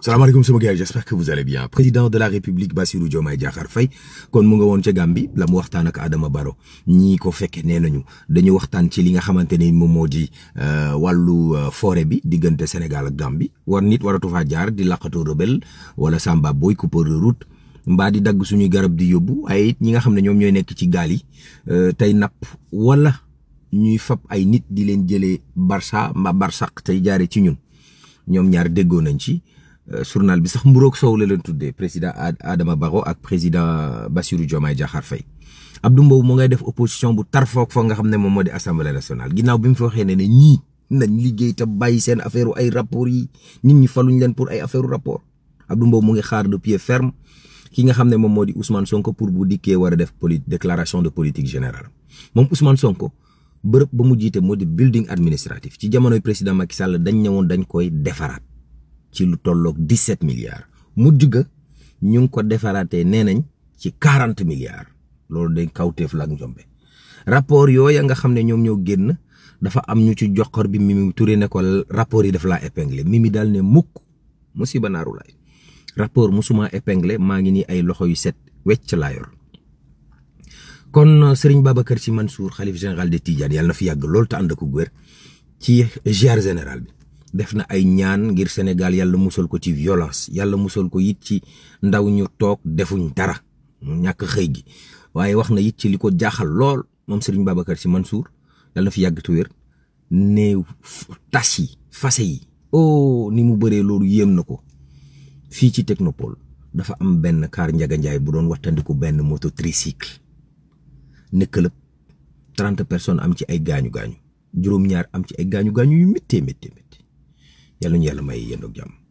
salaamaaleykum sama gars j'espère que vous allez bien président de la république Bassirou Diomaye Diakhar Faye kon mu nga woon ca Gambie la mu waxtaan ak Adama Barrow ñii ko fekke nee nañu dañu waxtaan ci li nga xamante ni moom moo di euh, wàllu euh, foore bi diggante Sénégal ak Gambie war nit waratu faa jaar di laqatu rebelle wala Samba Boy coupeur de route mbaa di dagg suñu garab di yóbbu ay ñi nga xam ne ñoom ñooy nekk ci gaali euh, tey napp wala ñuy fab ay nit di leen jëlee Barça mbaa Barsaq tey jaare ci ñun ñoom ñaar déggoo nañ ci. surnal euh, bi sax mburoog soow la leen tuddee président Adama Barrow ak président Bassirou Diomaye Diakhar Faye Abdou Mbow mu ngay def opposition bu tar foog foog nga xam ne moom moo di assemblée nationale ginnaaw bi mu fi waxee ne ne liggéey te bàyyi seen affaire ay rapport yi nit ñi faluñ leen pour ay affaire rapport Abdou Mbow mu ngi xaar de pied ferme ki nga xam ne moom moo di Ousmane Sonko pour bu dikkee war a def poli déclaration de politique générale moom Ousmane Sonko bërëb ba mu jiite moo di building administratif ci jamonoy président Macky Sall dañ ñëwoon dañ koy defaraat. ci lu tolloog 17 milliards mujj ga ñu ngi ko defaraate nee nañ ci 40 milliards loolu day kawteef la ak njombe rapport yooya nga xam ne ñoom ñoo génn dafa am ñu ci joxor bi Mimi Touré ne ko rapport yi dafa laa mi mi daal ne mukk musiba naaru laay rapport musuma épinglé maa ngi nii ay loxo yu set wecc laa yor kon euh, Serigne Babacar Sy Mansour xalif général de Tidiane yàlla na fi yàgg loolu te ànd ak wér ci ziar bi def na ay ñaan ngir Sénégal yàlla musal ko ci violence yàlla musal ko it ci ndaw ñu toog defuñ dara ñàkk xëy gi waaye wax na it ci li ko jaaxal lool moom Serigne Babacar Sy Mansour yàlla na fi yàgg te wér néew tas yi fase yi oh ni mu bëree loolu yéem na ko fii ci technopole dafa am benn kaar njaganjaay bu doon wattandiku benn moto tricycle nekkalëb trente personnes am ci ay gaañu gaañu juróom-ñaar am ci ay gaañu gaañu yu méttee méttee méttee yàlla ñu yàlla may yendoo ak